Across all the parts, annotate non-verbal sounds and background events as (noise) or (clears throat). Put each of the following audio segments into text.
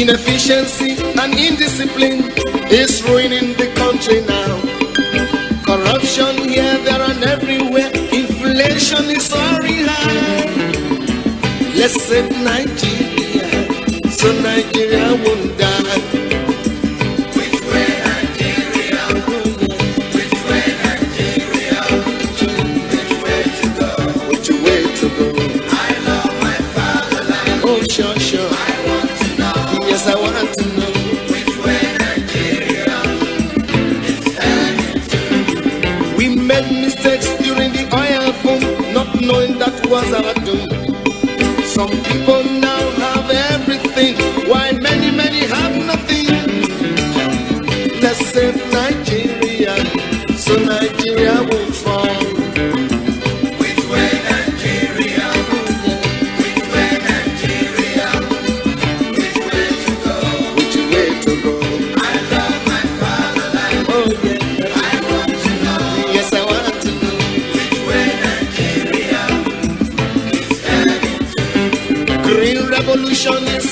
Inefficiency and indiscipline is ruining the country now. Corruption here, there, and everywhere. Inflation is already high. Let's save Nigeria so Nigeria won't was our doom. Some people now have everything, while many, many have nothing. Let's save Nigeria, so Nigeria will.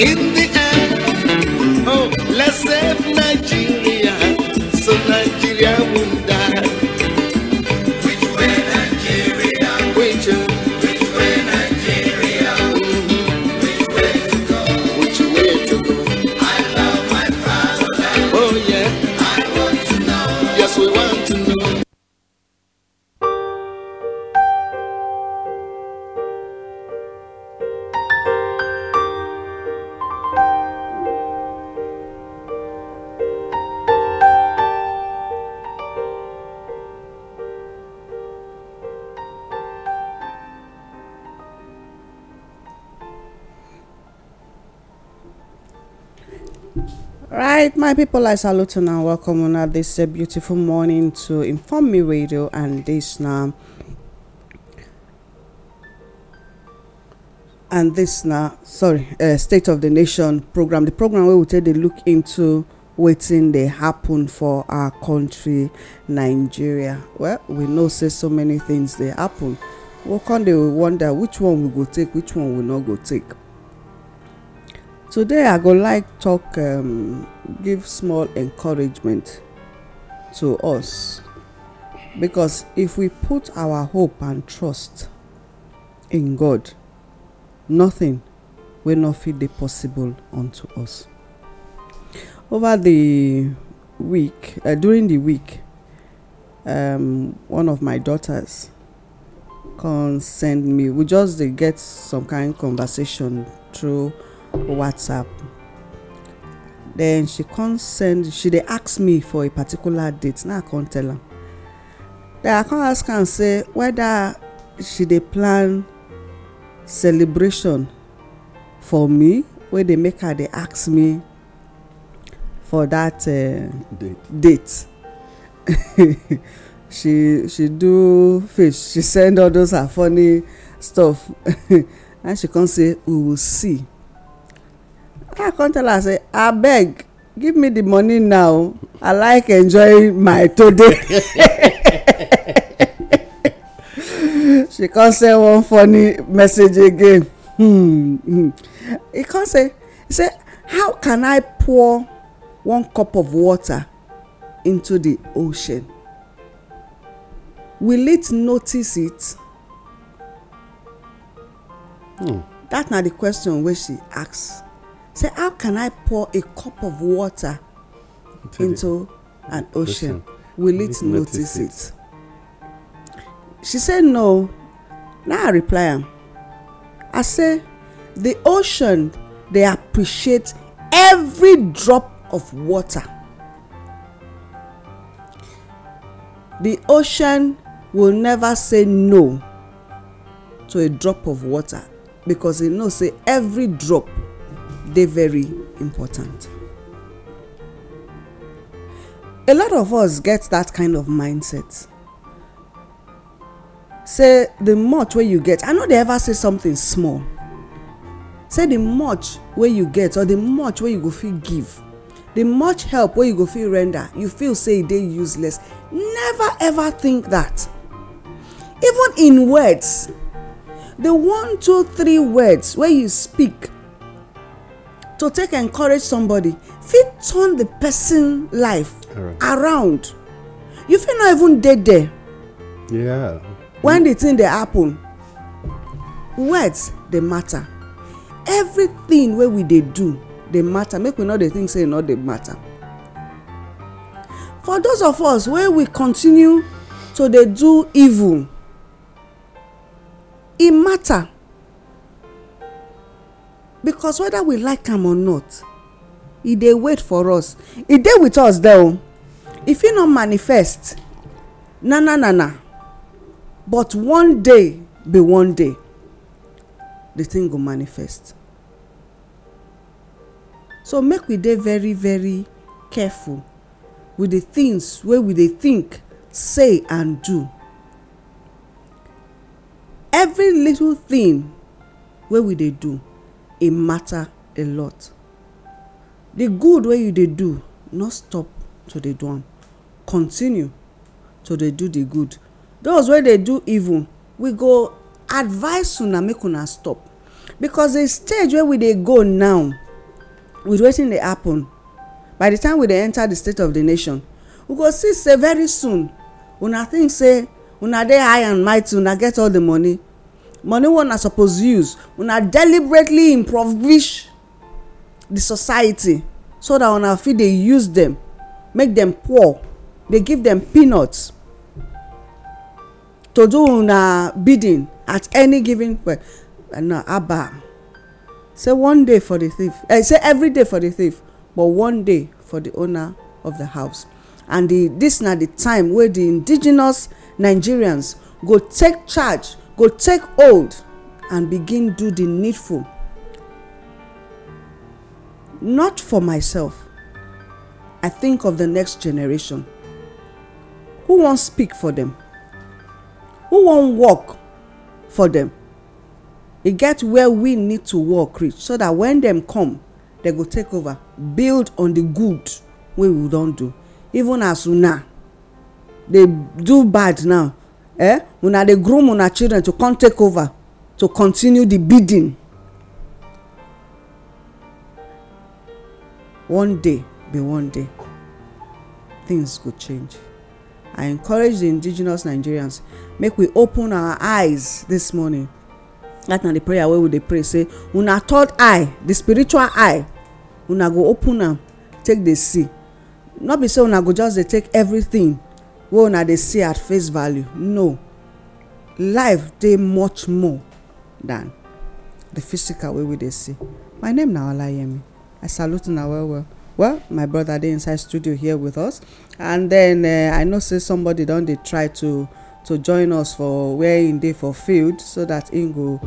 in the end. Oh, let's save Nigeria so Nigeria will. people i salute and welcome on this uh, beautiful morning to inform me radio and this now and this now sorry uh, state of the nation program the program where we take a look into waiting they happen for our country nigeria well we know say so many things they happen What can they wonder which one we go take which one we not go take today i go like talk um, give small encouragement to us because if we put our hope and trust in God, nothing will not feel the possible unto us. Over the week, uh, during the week, um, one of my daughters can send me. We just get some kind of conversation through WhatsApp then she come send she dey ask me for a particular date now i come tell am then i come ask am say whether she dey plan celebration for me wey dey make her dey ask me for that uh, date, date. (laughs) she she do face she send all those her funny stuff (laughs) and she come say we will see car come tell her. say abeg give me the money now i like enjoy my today (laughs) she come send one funny message again hmm, hmm. He come say He say how can i pour one cup of water into the ocean will it notice it hmm. that na the question wey she ask Say, how can I pour a cup of water into, into an ocean? Will it notice, it? She said, No. Now I reply, I say, the ocean, they appreciate every drop of water. The ocean will never say no to a drop of water because it knows say every drop they very important a lot of us get that kind of mindset say the much wey you get i know they ever say something small say the much wey you get or the much wey you go fit give the much help wey you go fit render you feel say e dey useless never ever think that even in words the one two three words wey you speak to take encourage somebody fit turn the person life right. around you fit not even dey there. Yeah. when the thing dey happen words dey matter everything wey we dey do dey matter make we no dey think say e no dey matter for those of us wey we continue to dey do evil e matter because whether we like am or not e dey wait for us e dey with us there o e fit no manifest na na na na but one day be one day the thing go manifest so make we dey very very careful with the things wey we dey think say and do every little thing wey we dey do e matter a lot the good wey you dey do no stop to dey do am continue to dey do the good those wey dey do evil we go advise una make una stop because the stage wey we dey go now with wetin dey happen by the time we dey enter the state of the nation we go see say very soon una think say una dey high and mighty una get all the money money wey una suppose use una deliberately impoverish the society so that una fit dey use them make them poor dey give them peanuts to do una bidding at any given well na abba say one day for the thief eh say every day for the thief but one day for the owner of the house and the this na the time wey the indigenous nigerians go take charge go take hold and begin do the needful not for myself i think of the next generation who wan speak for them? who wan work for them? e get where we need to work reach so that when dem come dem go take over build on the good wey we don do even as una dey do bad now eh una dey groom una children to come take over to continue the bidding one day be one day things go change i encourage the indigenous nigerians make we open our eyes this morning that na the prayer wey we dey pray say una third eye the spiritual eye una go open am take dey see no be say una go just dey take everything wey una dey see at face value no life dey much more than the physical wey we dey see my name na olayemi i salute una well well well my brother dey inside studio here with us and then eh, i know say somebody don dey try to to join us for where im dey for field so that im go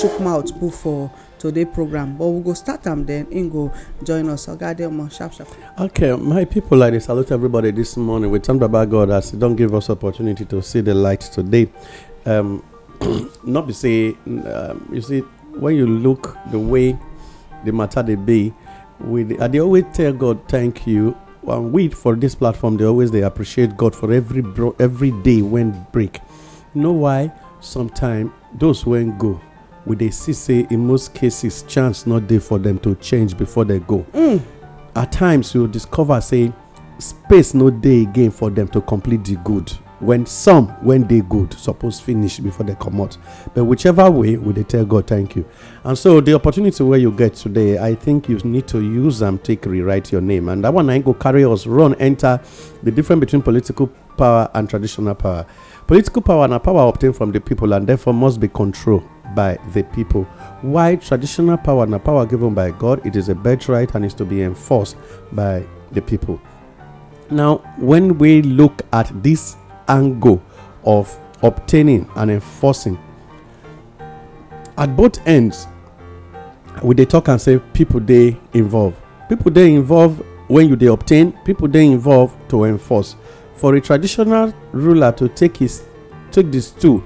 chook mouth put for today program but we go start am then im go join us oga adeomo sharp sharp. okay my people i dey salute everybody this morning we thank baba god as he don give us opportunity to see the light today um, (clears throat) not be say um, you see when you look the way the matter dey be we dey i dey always tell god thank you and we for this platform they always they appreciate god for every bro every day when break you know why sometime those when go we they see say in most cases chance no there for them to change before they go mm. at times you discover say space no day again for them to complete the good when some when they good suppose finish before they come out. but whichever way we they tell god thank you and so the opportunity where you get today i think you need to use them take rewrite your name and dat one I go carry us run enter the difference between political power and traditional power Political power and power obtained from the people and therefore must be controlled by the people. Why traditional power and power given by God, it is a birthright and is to be enforced by the people. Now, when we look at this angle of obtaining and enforcing, at both ends, we they talk and say people they involve. People they involve when you they obtain, people they involve to enforce for a traditional ruler to take his take the stool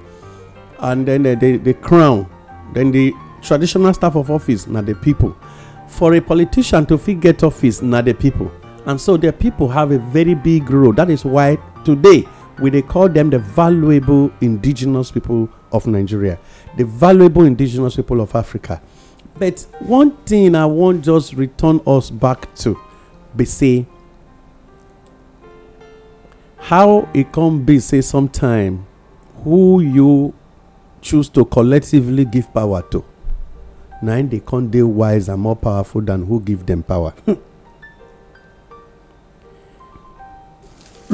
and then the, the, the crown then the traditional staff of office na the people for a politician to fit get office na the people and so the people have a very big role that is why today we dey call them the valuable indigenous people of nigeria the valuable indigenous people of africa but one thing i wan just return us back to be say how it come be say sometime who you choose to collectively give power to na im dey come dey wise and more powerful than who give them power hmm.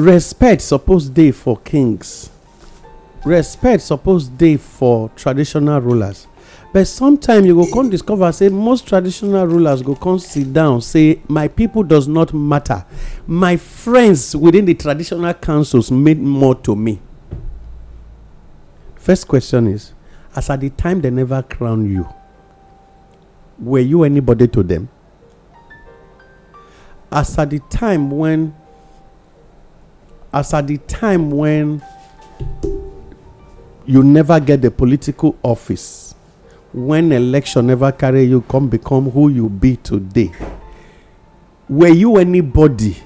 respect suppose dey for kings respect suppose dey for traditional rulers but sometimes you go come discover say most traditional rulers go come sit down say my people does not matter my friends within the traditional councils mean more to me first question is as at the time they never crown you were you anybody to them as at the time when as at the time when you never get the political office when election never carry you come become who you be today were you anybody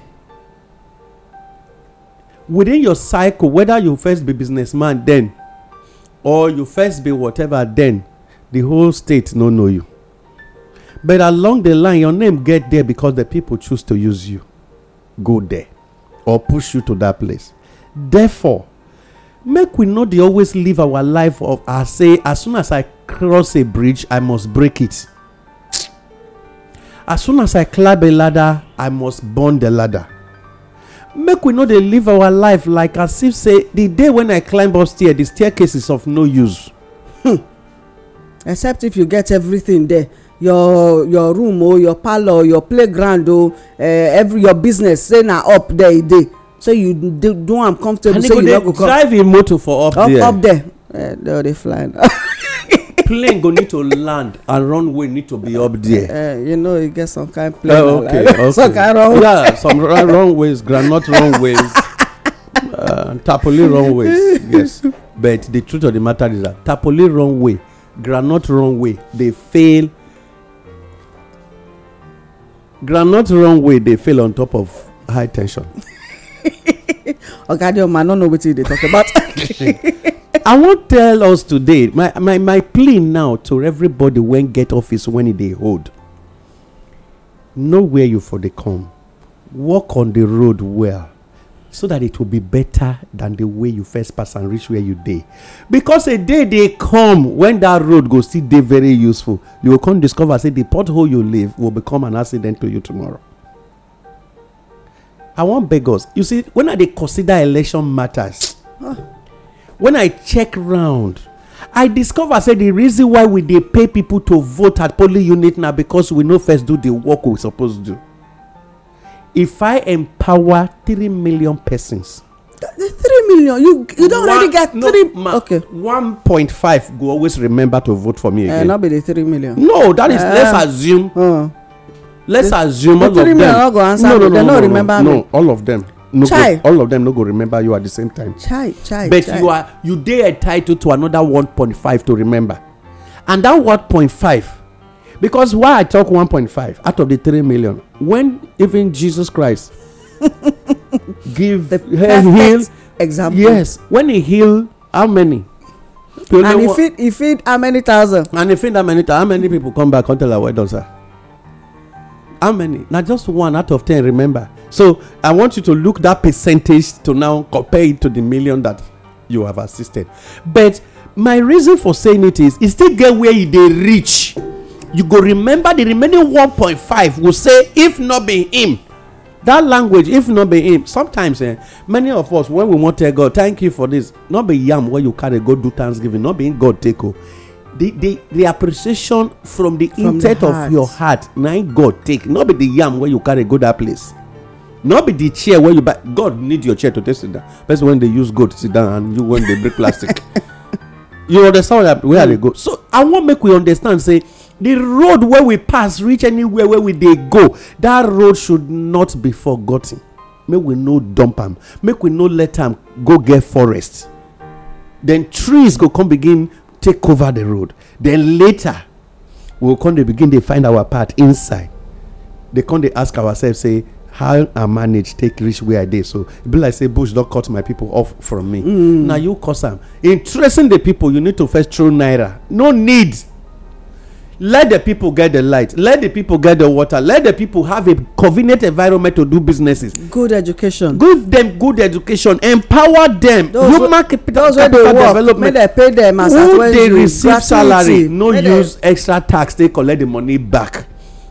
within your cycle whether you first be businessman then or you first be whatever then the whole state no know you but along the line your name get there because the people choose to use you go there or push you to that place therefore make we no dey always live our life of as say as soon as i cross a bridge i must break it as soon as i climb a ladder i must burn the ladder make we no dey live our life like as if say the day when i climb up stair, the staircase is of no use. Hmm. except if you get everything there your your room o oh, your parlour your playground o uh, eh, every your business say na up there e dey so you do am comfortable so you no go come drive im motor for up there up there no eh, dey fly (laughs) plane go need to land and runway need to be up there. Uh, you know you get some kind oh, plane. Uh, okay, like, (laughs) okay. some kind runway. yeah some uh, runways groundnut (laughs) runways uh, tapoli runways yes but the truth of the matter is that tapoli runway groundnut runway dey fail groundnut runway dey fail on top of high tension oga adeoma i no know wetin you dey talk about (laughs) i wan tell us today my my my plea now to everybody wey get office wen e dey hold know where you for dey come walk on the road well so that it will be better than the way you first pass and reach where you dey because a day dey come when that road go still dey very useful you go come discover say the pothole you leave will become an accident to you tomorrow i wan beg us you see when i dey consider election matters when i check round i discover say the reason why we dey pay people to vote at polling unit na because we no first do the work we suppose do if i empower three million persons three million you you don already get three okay one point five go always remember to vote for me eh, again eh not be the three million no that is let's eh, assume oh let's the, assume all of them no no no no no, no, all of them no go all of them no go remember you at the same time chai, chai, but chai. you are you dey entitled to another one point five to remember and that one point five, because why i talk one point five out of the three million when even jesus christ (laughs) give the heal example yes when he heal how many and he feed he feed how many thousand and he feed how many how many people come back come tell her well done sir how many na just one out of ten remember so i want you to look that percentage to now compare it to the million that you have assisted but my reason for saying it is e still get where e dey reach you go remember the remaining 1.5 will say if not be him that language if not be him sometimes eh, many of us when we wan tell god thank you for this not be yam wey you carry go do thanksgiving not be him god take o oh the the the appreciation from the from intent the of your heart na god take not be the yam wey you carry go that place not be the chair wey you buy god need your chair to take sit down person wey dey use goat sit down and you wey dey break plastic (laughs) you understand where, where mm. i dey go so i wan make we understand say the road wey we pass reach anywhere wey we dey go that road should not be forgotten make we no dump am make we no let am go get forest then trees go come begin take over the road then later we go come dey begin dey find our part inside dey come dey ask ourselves say how i manage take reach where i dey so e be like say bush don cut my people off from me mm. na you cause am in tracing the people you need to first throw naira no need let the people get the light let the people get the water let the people have a convenient environment to do businesses. good education. give them good education empower them. those human capital those capital development make dem pay them as at when you receive salary no use extra tax take collect the money back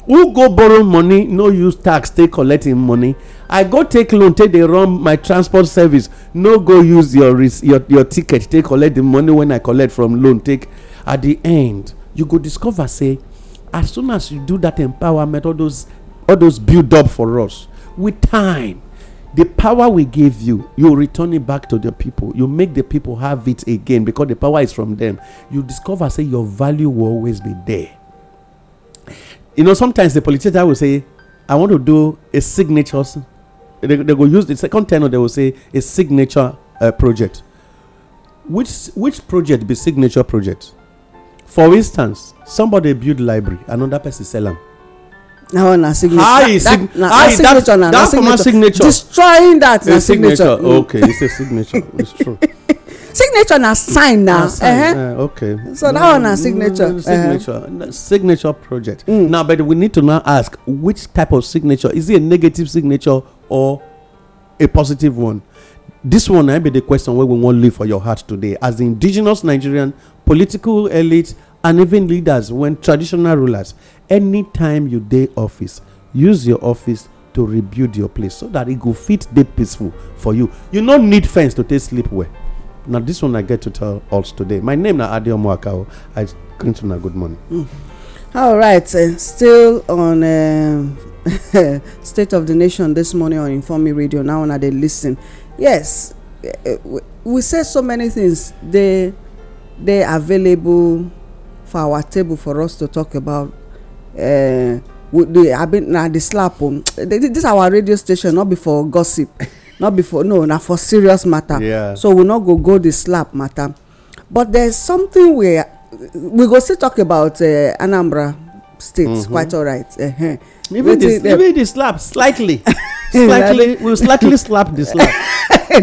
who go borrow money no use tax take collect im money i go take loan take dey run my transport service no go use your your your ticket take collect the money wey i collect from loan take at the end you go discover say as soon as you do that empowerment all those all those build up for us with time the power we gave you you return it back to the people you make the people have it again because the power is from them you discover say your value will always be there you know sometimes the politician will say i want to do a signature they, they will use the second tenor they will say a signature uh, project which which project be signature project for instance somebody build library another person sell am na na signature how e signature na that former signature destroying that na signature mm. okay it's a signature it's true (laughs) signature na sign na okay so that one na mm, signature signature signature project mm. now but we need to now ask which type of signature is it a negative signature or a positive one This one I eh, be the question wey we wan leave for your heart today as indigenous nigerian political elite and even leaders when traditional rulers anytime you dey office use your office to rebuild your place so that e go fit dey peaceful for you you no need fence to take sleep well na this one i get to tell us today my name na adeomu akao i greet una good morning mm. all right eh, still on eh, (laughs) state of the nation this morning on informe radio now una dey listen yes we say so many things dey dey available for our table for us to talk about uh, the abi na the slap o oh. this our radio station no be for gossip (laughs) no be for no na for serious matter yeah. so we no go go the slap matter but there's something we we go still talk about uh, anambra state mm -hmm. quite alright uh -huh. maybe the maybe the slap slightly. (laughs) Eh, slightly we'll slightly (laughs) slap the slap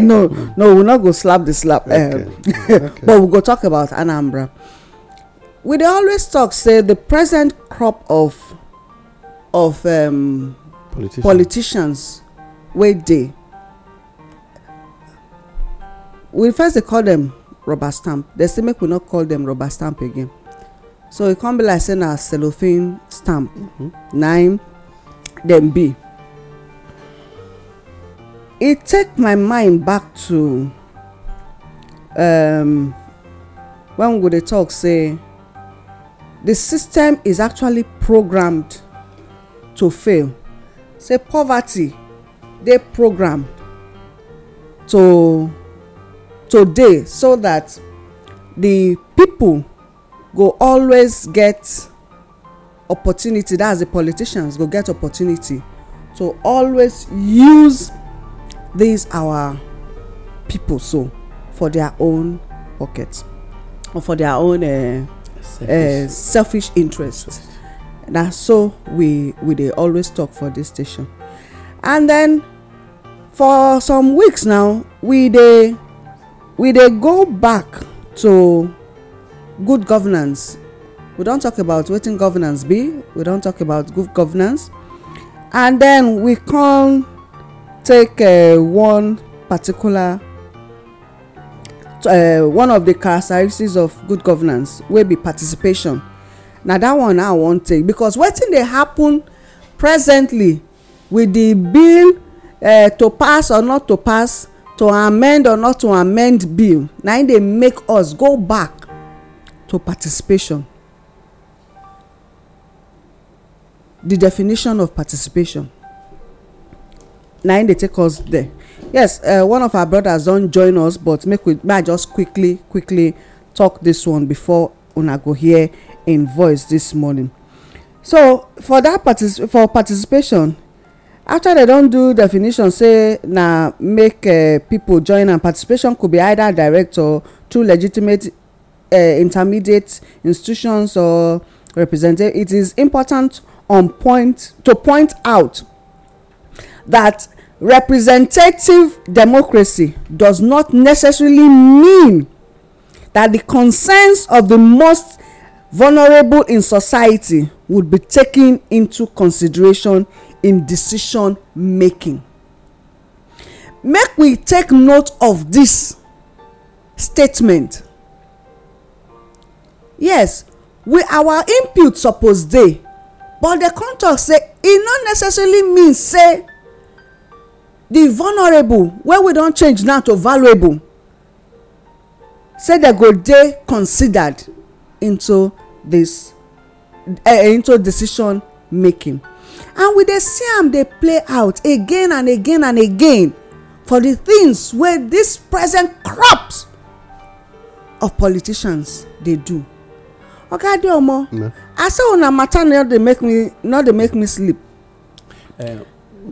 (laughs) no no we'll not go slap the slap okay. Um, okay. (laughs) but we go talk about anambra we dey always talk say the present crop of of um, Politician. politicians wey dey we first dey call them rubber stamp dem say make we not call them rubber stamp again so it e come be like saying a cellophane stamp mm-hmm. na im dem be It take my mind back to um, when we go dey talk say the system is actually programmed to fail say poverty dey programmed to to dey so that the people go always get opportunity that's the politicians go get opportunity to always use these our people so for their own pockets, or for their own uh, selfish. Uh, selfish interest na so we we they always talk for this station and then for some weeks now we they we they go back to good governance we don't talk about waiting governance be we don't talk about good governance and then we come take uh, one particular uh, one of the characteristics of good governance wey be participation na that one i wan take because wetin dey happen presently with the bill uh, to pass or not to pass to amend or not to amend bill na im dey make us go back to participation the definition of participation na im dey take us there yes uh, one of our brothers don join us but make we i just quickly quickly talk this one before una go hear im voice this morning so for that for participation after dem don do definition say na make uh, people join am participation could be either direct or through legitimate uh, intermediate institutions or representative it is important on point to point out that representative democracy does not necessarily mean that the concerns of the most vulnerable in society would be taken into consideration in decision making. Make we take note of this statement. Yes, we our input suppose dey but the come talk say e no necessarily mean say The vulnerable wey we don change now to valuable say dem go dey considered into dis eh, into decision making and we dey see am dey play out again and again and again for the things wey this present crops of politicians dey do oga adeomo i say una matter no dey make me make me sleep eh,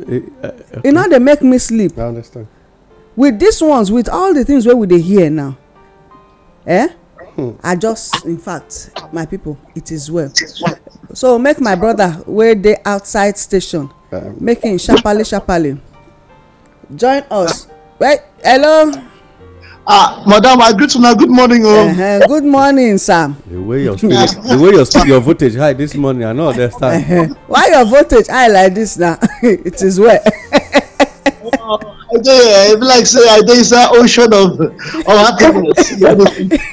e eh, eh, eh, no they make me sleep i understand with these ones with all the things where we they hear now eh hmm. i just in fact my people it is well so make my brother where the outside station um, make him sharparly sharparly join us hello ah madam i greet una good morning o. Uh -huh. good morning sam. the way your spirit the way your spirit your voltage high this morning i no understand. Uh -huh. why your voltage high like this na (laughs) it is well. Oh, i dey e eh, be like say i dey inside ocean of of happiness.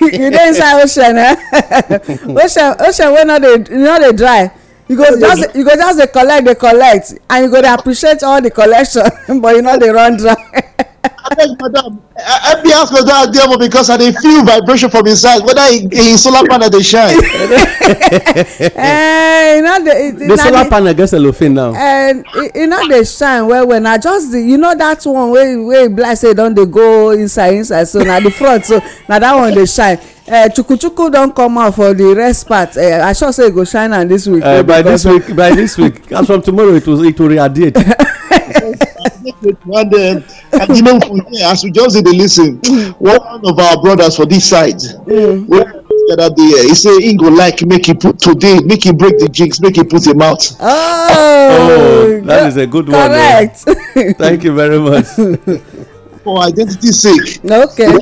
you (laughs) dey inside ocean eh? (laughs) ocean ocean wey no dey no dey dry you go just you go just dey collect dey collect and you go dey appreciate all the collection but you no dey run dry abeg madam help me ask that demo because i dey feel vibration from inside whether in solar panel they shine. (laughs) Eh, the solar panel a little thin now. And you know they shine well when I just you know that one where where blind say don't dey go inside inside so now the front so now that one they shine. chukuchuku eh, don come out for the rest part eh, i sure say e go shine am this week. by this week by this week as from tomorrow it will it will radiate. (laughs) and uh, and you know here as we just did listen one of our brothers for this side mm. wey together there he say he go like make he put today make he break the jinx make he put him out. oh, oh that is a good eh? correct. one (laughs) correct thank you very much. for identity sake. okay.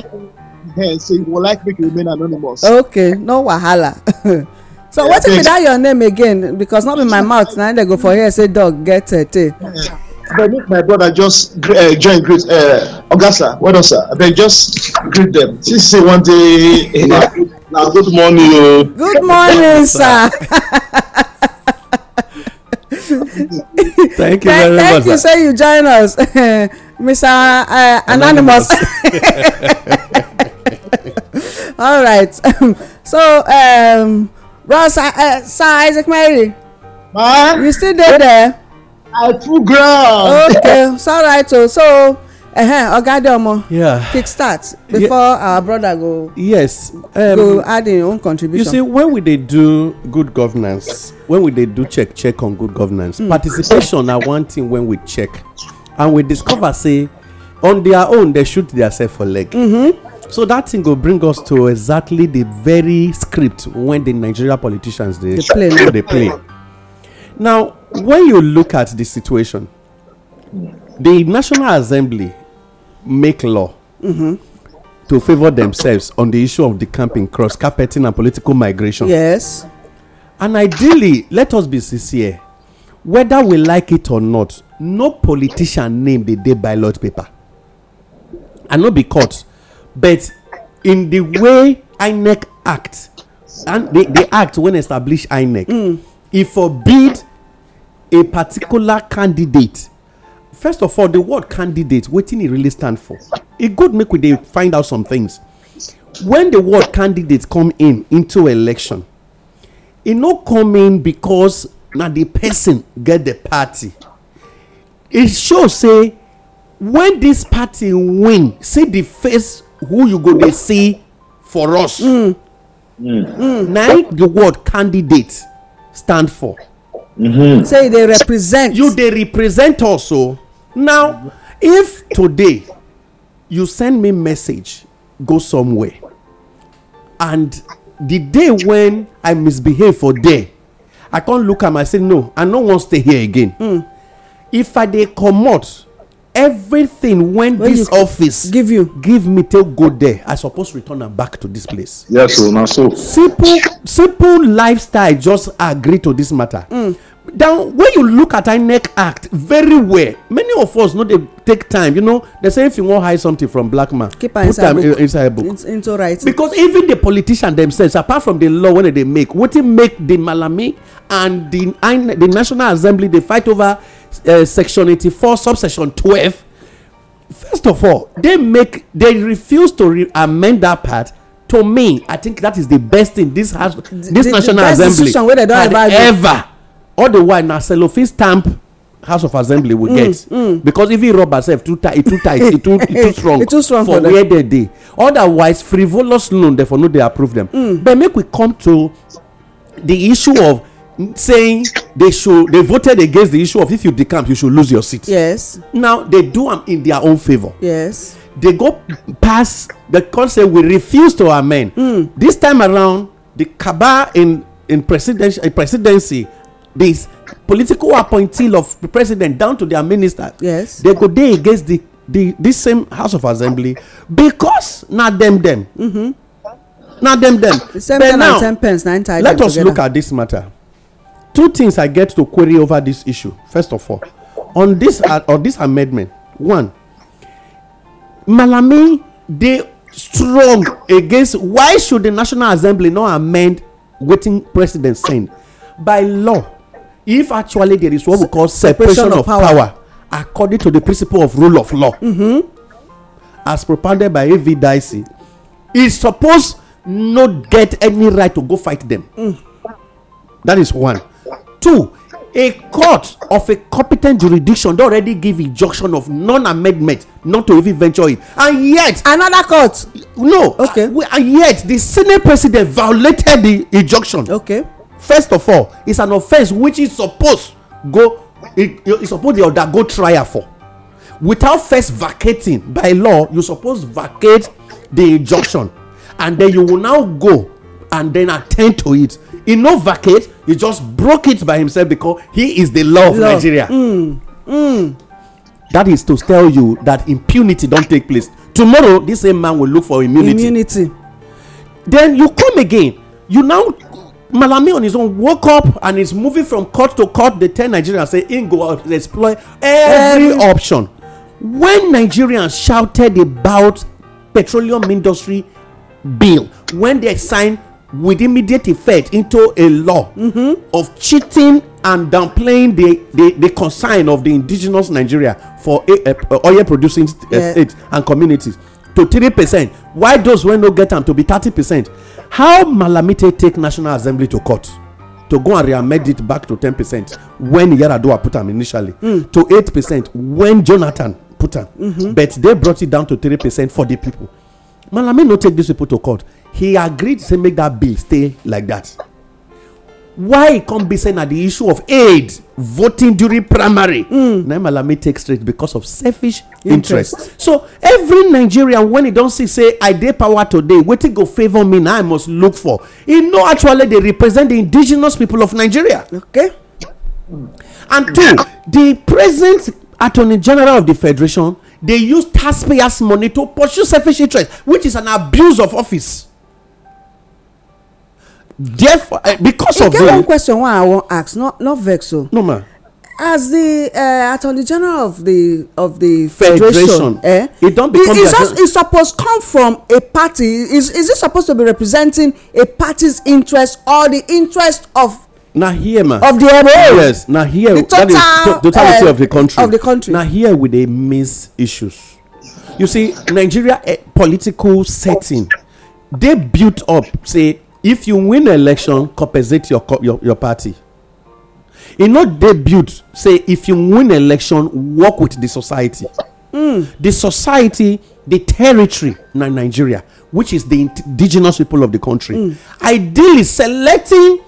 so you go like make you remain anonymous. okay no wahala. (laughs) so yeah, wetin be that your name again because not in my mouth Now they go for here say dog get tete. Eh? Yeah abeg make my brother just uh, join greet uh, oga sir well done sir abeg just greet them see say one day eh, na na good morning o. Oh. good morning (laughs) sir. thank you very thank, much. Thank you, sir. you join us, (laughs) Mr. Uh, Anonymous. (laughs) All right. so, um, Ross, uh, uh, Sir Isaac Mary, Ma? you still there? i full ground. okay it's alright o oh. so uh-huh, oga Omo. kick start before our brother go yes um, go add im own contribution you see when we dey do good governance when we dey do check check on good governance hmm. participation na one thing when we check and we discover say on their own they shoot diasef for leg mm-hmm. so that thing go bring us to exactly the very script when the nigeria politicians dey play now when you look at the situation, the National Assembly make law mm-hmm. to favor themselves on the issue of the camping, cross carpeting, and political migration. Yes. And ideally, let us be sincere whether we like it or not, no politician name the day by ballot paper. and not be caught. but in the way INEC act, and they, they act when establish INEC, mm. e forbid a particular candidate first of all the word candidate wetin e really stand for e good make we dey find out some things when the word candidate come in into election e no come in because na the person get the party e show say when this party win see the face who you go dey see for us mm. Mm. na the word candidate stand for Mm-hmm. say they represent you They represent also. now if today you send me message go somewhere and the day when i misbehave for day, i can't look at i say no i no wan stay here again hmm. if i dey comot everything when this office give you give me till go there i suppose return am back to this place yes so na so simple simple lifestyle just agree to this matter hmm. Down when you look at inec act very well many of us no dey take time you know they say if you wan hide something from black man put am inside book into writing because even the politician themselves apart from the law wey dem dey make wetin make the malami and the the national assembly dey fight over eh, section eighty 84 subsection twelve. first of all they make they refuse to amend that part to me i think that is the best thing this has this national assembly had ever all the while na cellophane stamp house of assembly we mm, get mm. because if e rub herself too tight too tight e too (laughs) too strong for where dem dey otherwise frivolous loan dem for no dey approve dem mm. but make we come to the issue of saying they should they voted against the issue of if you decamp you should lose your seat yes now they do am in their own favour yes they go pass the concept we refuse to amend this time around the cabal in in presidential presidency this political appointee of the president down to their minister yes they go dey against the the this same house of assembly because na dem dem mm-hmm. na dem dem but now let us look at this matter two things i get to query over this issue first of all on this uh, on this amendment one malami dey strong against why should the national assembly not amend wetin president send by law if actually there is what we call separation, of power. according to the principle of rule of law mm-hmm. as propounded by av dicey e suppose no get any right to go fight them mm. that is one two a court of a competent jurisdiction don already give injunction of non-amendment not to even venture it and yet. another court. no okay and yet the senate president violated the injunction. okay first of all it's an offence which is supposed go it, you suppose dey undergo trial for without first vacating by law you suppose vacate the injunction and then you will now go and then attend to it he no vacate he just broke it by himself because he is the law of law. nigeria mm. Mm. that is to tell you that impunity don take place tomorrow this same man will look for immunity immunity then you come again you now malami on his own woke up and is moving from court to court dey tell nigerians say im go explore every option when nigerians shouted about petroleum industry bill when they signed with immediate effect into a law mm-hmm. of cheating and downplaying the the the concern of the indigenous nigeria for eh, eh, oil producing eh, states and communities to three percent why those wey no get am to be thirty percent how malamite take national assembly to court to go and re-amend it back to ten percent when yaradua put am initially mm. to eight percent when jonathan put am mm -hmm. but they brought it down to three percent for the people malami no take this people to court he agreed say make that bill stay like that why e come be say na the issue of aid voting during primary hmm. na malami take straight because of selfish interest so every nigerian when e don see say i dey power today wetin go favour me na i must look for e no actually dey represent the indigenous people of nigeria okay. and two di present attorney general of di federation dey use taxpayers money to pursue selfish interest which is an abuse of office therefore uh, because of e get one question wey i wan ask not not vex o. no ma. as the uh, attorney general of the of the federation, federation eh, it don become it, it, it suppose come from a party is is it supposed to be representing a party's interest or the interest of. na here ma of the MO yes na here the total, is totality uh, of the country of the country na here we dey miss issues you see nigeria uh, political setting dey built up say if you win election compensate your your, your party e no debut, say if you win election work with the society mm. the society the territory na nigeria which is the indigenous people of the country mm. ideally selecting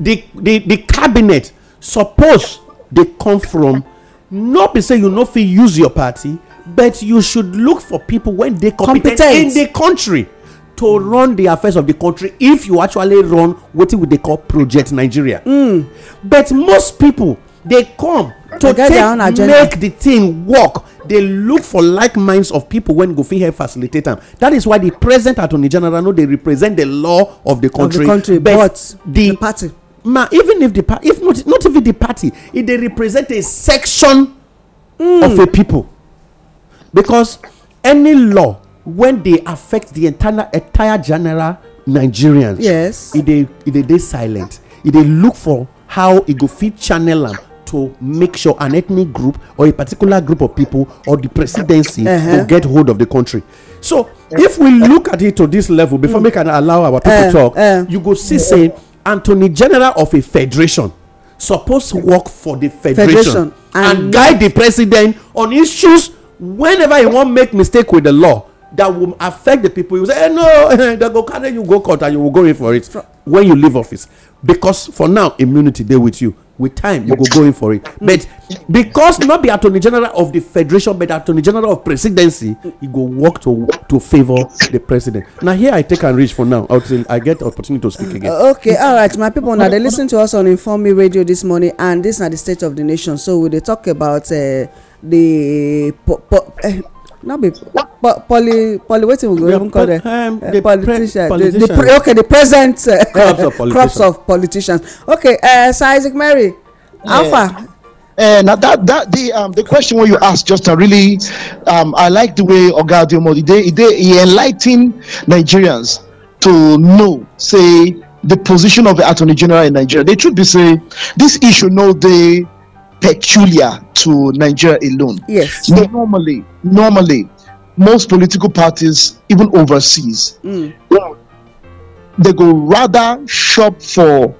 the the the cabinet suppose dey come from no be say you no fit use your party but you should look for people wey dey competent in the country to run the affairs of the country if you actually run wetin we dey call project nigeria mm. but most people dey come to take make the thing work dey look for like minds of people wey go fit help facilitate am that is why the present attorney general no dey represent the law of the country, of the country but, but the, the party ma even if the party if not, not even the party e dey represent a section mm. of a people because any law when they affect the entire entire general nigerians yes e, e dey dey silent e dey look for how e go fit channel am to make sure an ethnic group or a particular group of people or the presidency to uh-huh. get hold of the country so if we look at it to this level before we can allow our people uh, talk uh. you go see say anthony general of a federation suppose work for the federation and guide the president on issues whenever he wan make mistake with the law that will affect the people you say hey, eh, no (laughs) they go carry you go court and you will go in for it when you leave office because for now immunity dey with you with time you go go in for it mm. but because not be attorney general of the federation but attorney general of presidency e go work to to favour the president na here i take am reach for now until i get opportunity to speak again. Uh, okay all right my people una dey lis ten to us on inform me radio this morning and this na the state of the nation so we dey talk about uh, the po po. Uh, no be poly poly wetin we go even call dem um, uh, politician okay the present uh, (laughs) crops (laughs) of politicians okay uh, sir isaac mary Alpha far and that that the um, the question what you asked just uh, really um, I like the way Ogadiomo he, he, he enlightened Nigerians to know say the position of the Attorney General in Nigeria. The truth be say this issue no they peculiar to Nigeria alone. Yes. normally, normally, most political parties, even overseas, mm. they go rather shop for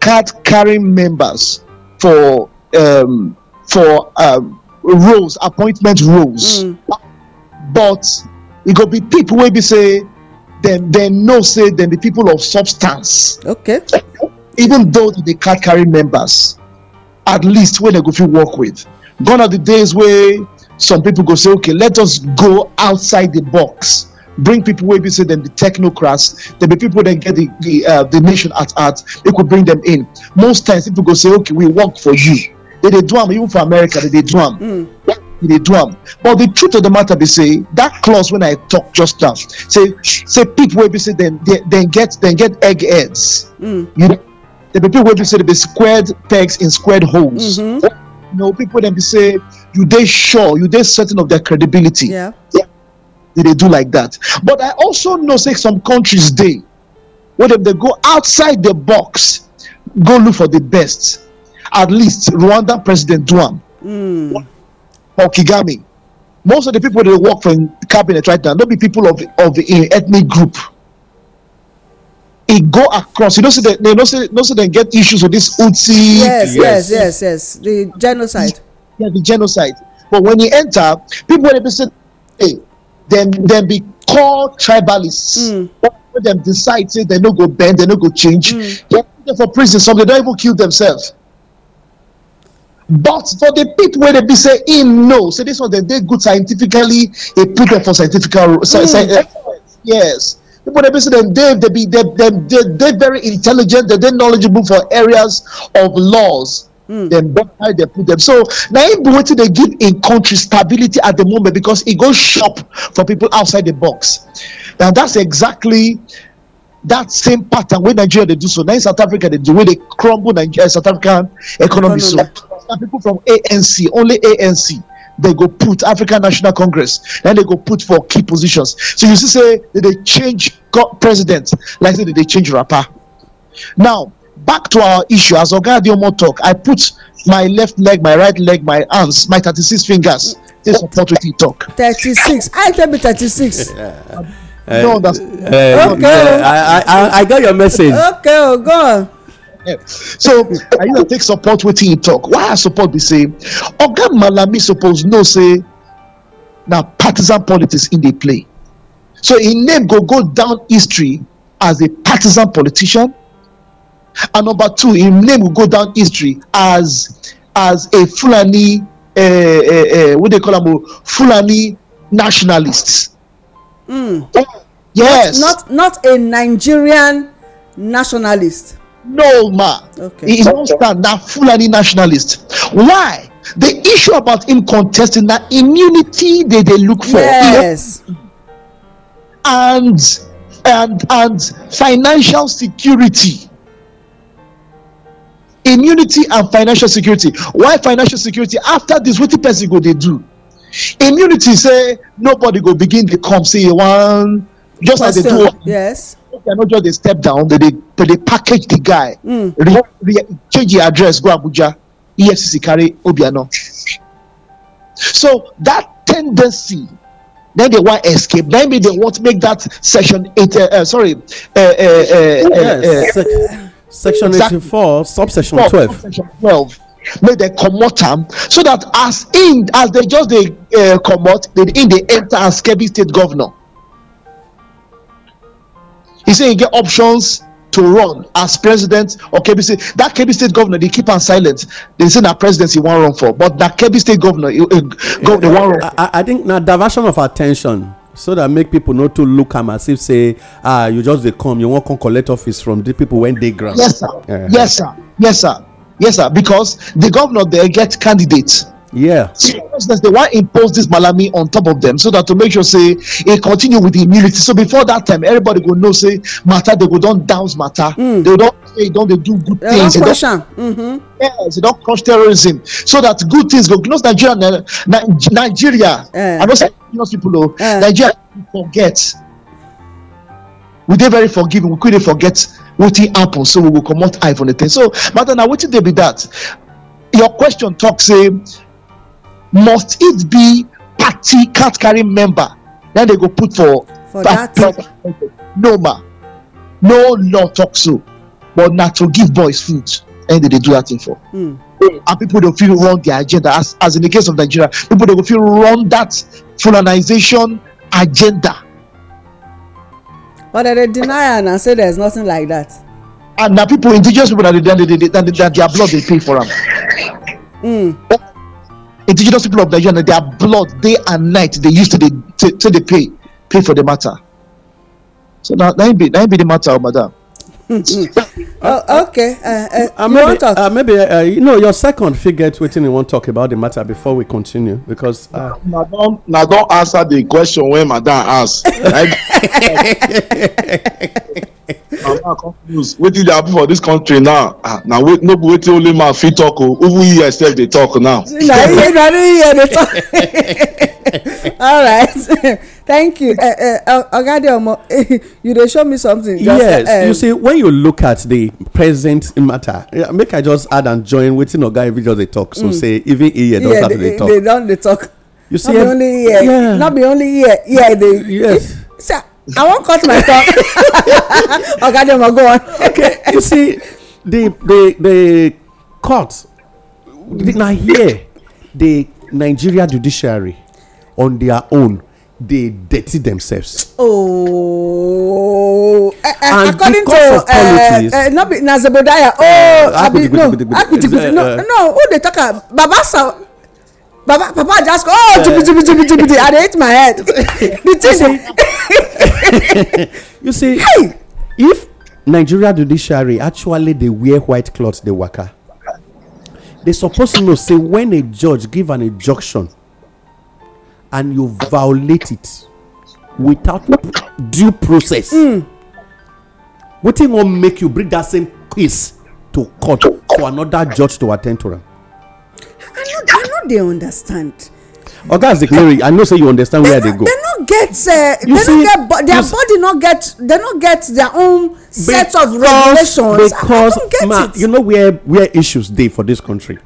card carrying members for um, for um, roles, appointment roles. Mm. But it could be people will be say then then no say then the people of substance. Okay. Even though they card carrying members at least when I go to work with gone are the days where some people go say okay let us go outside the box bring people wey be say then the technocrats there be people that get the the, uh, the nation at heart It could bring them in most times people go say okay we work for you they they do am even for america they they do am mm. they do am but the truth of the matter be say that clause when i talk just now say say people wey be say then then get then get egg mm. you know the people wey be say they be squared pegs in squared holes mm-hmm. you know people dem be say you dey sure you dey certain of their credibility yeah. yeah they dey do like that but i also know say some countries dey wey dem dey go outside the box go look for the best at least Rwanda president do am mm. kigami most of the people dey work for im cabinet right now no be people of of im eh, ethnic group it go across. You know, see, them. they don't see, don't see them get issues with this Utsi. Yes, yes, yes, yes, The genocide. Yeah, the genocide. But when you enter, people when they say, hey, then then be called tribalists. Mm. When them decide say they no go bend, they no go change. Mm. They for prison, some they don't even kill themselves. But for the people where they be say in no, say this one they did good scientifically, they put them for scientific mm. Eh, yes. People they, they be they, they, they, they're very intelligent, they're knowledgeable for areas of laws. Mm. Then they put them. So now in Buweti, they give in country stability at the moment because it goes shop for people outside the box. Now that's exactly that same pattern when Nigeria they do so. Now in South Africa they do when they crumble Nigeria, South African economy. So people from ANC, only ANC they go put African National Congress, then they go put for key positions. So you see, say they change president, like say they change rapper. Now back to our issue. As Ogadiomo talk, I put my left leg, my right leg, my arms, my thirty-six fingers. This support with he talk. Thirty-six. I tell me thirty-six. Uh, no, uh, that's uh, okay. Uh, I, I I got your message. Okay, oh, go on so i need to take support with him. talk why i support be say oga malami suppose know say na partisan politics in dey play so im name go go down history as a partisan politician and number two im name go go down history as as a fulani uh, uh, uh, what they call am o oh, fulani nationalist. Mm. yes not not, not a nigerian nationalist. No, ma. Okay. He don't stand that Fulani nationalist. Why? The issue about him contesting that immunity that they look for. Yes. And and and financial security. Immunity and financial security. Why financial security? After this, what the person go they do? Immunity say nobody go begin to come See one just as they do. Yes they're not just they step down, they they, they package the guy, mm. re, re, change the address, go Abuja, EFCC carry Obiano. So that tendency, then they want escape. Maybe they want to make that section eight. Uh, uh, sorry, uh, uh, uh, section eighty-four, subsection 12, twelve. Subsection twelve. May they them so that as in as they just they uh, out they in they enter as Kebbi state governor. He say he get options to run as president or Kebbi State. That Kebbi State governor, they keep on silent. They say that presidency won't run for, but that Kebbi State governor, uh, go, they won't run. I, I think now diversion of attention. so that make people not to look am as if say ah you just dey come you wan come collect office from the people wey dey ground. yes sir uh-huh. yes sir yes sir yes sir because the governor dey get candidates. Yeah. Seriousness, they want impose this malami on top of them so that to make sure say it continue with the immunity. So before that time, everybody will know say matter they go don't downs matter. Mm. They don't say don't they do good things. Don't crush mm-hmm. Yes, they don't crush terrorism. So that good things go. You know, Nigeria, Nigeria. Uh, I don't say know people. Uh, Nigeria forget. We they very forgiving. We couldn't forget what happened, so we will come out eye from the thing. So, matter now what did they be that? Your question talks say must it be party card carrying member then they go put for, for that, that no ma no no talk so but na to give boys food and they do that thing for mm. and people don't feel wrong their agenda as as in the case of nigeria people don't feel wrong that colonization agenda. but they deny and say there is nothing like that. and the people indigenous people na they, na dey they their blood they pay for them. Mm. But indigenous people of Nigeria, their blood day and night they used to they to, to they pay pay for the matter. So now that be that be the matter, oh, madam. (laughs) oh, okay. Uh, uh, uh, you maybe, uh, maybe uh, you know your second figure waiting. You want to talk about the matter before we continue because uh, madam, now don't answer the question when madam asks. (laughs) i'm not confused wetin dey happen for this country now ah na no be wetin only my feet talk o oh. even you yourself They talk now. (laughs) all right (laughs) thank you eh, eh, ogade omo (laughs) you dey show me something. Just, yes um, you see when you look at the present matter make i just add and join wetin oga every just dey talk so mm. say even iye don Yeah, they dey talk. they don dey talk. you see not be only here. yeah. not be only here. Yeah, they yes. See, I won't cut my tongue. (laughs) okay, go on. okay, you see, the the the court now here the Nigeria judiciary on their own they dirty themselves. Oh, uh, uh, and according to uh, uh, no be na oh uh, abi no no no who they talk about babasa Baba, Papa just go, oh, jibby, jibby, jibby, I and hit my head. (laughs) the thing. (laughs) you see, hey. if Nigeria judiciary actually they wear white cloth, they waka. They supposed to know, say, when a judge give an injunction and you violate it without due process, mm. what thing will make you bring that same case to court for another judge to attend to them? dey understand ogas oh, the carry i know say you understand where i dey go dem no get uh, get. their body no get get their own set of regulations because ma you know where where issues dey for this country